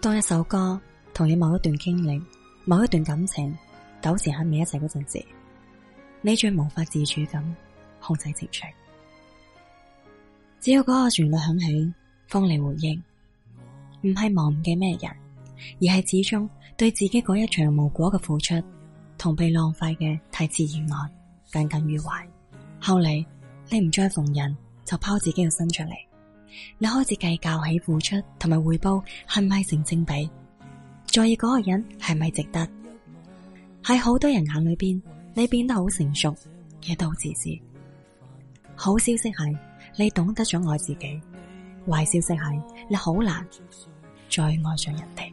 當一首歌同你某一段經歷、某一段感情糾纏喺埋一齊嗰陣時，你最無法自主咁控制情緒。只要嗰個旋律響起，風嚟回應。唔係忘記咩人，而係始終對自己嗰一場無果嘅付出同被浪費嘅太自然愛耿耿於懷。後嚟你唔再逢人就拋自己嘅身出嚟。你開始計較起付出同埋回報係咪成正比，在意嗰個人係咪值得？喺好多人眼裏邊，你變得好成熟，亦都好自私。好消息係你懂得咗愛自己，壞消息係你好難再愛上人哋。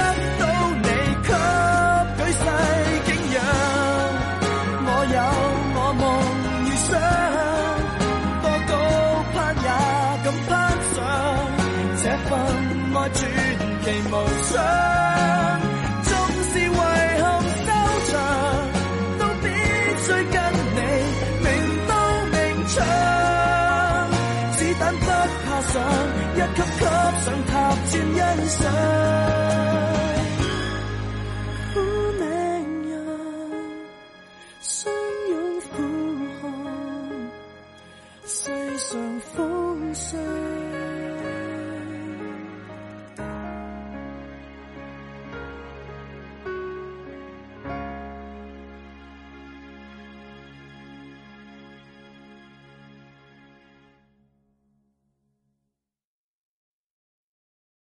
這份愛傳奇無雙，縱是遺憾收場，都必須跟你明刀明槍，子彈不怕上，一級級上塔尖欣賞。苦命人，相擁苦寒，世上風霜。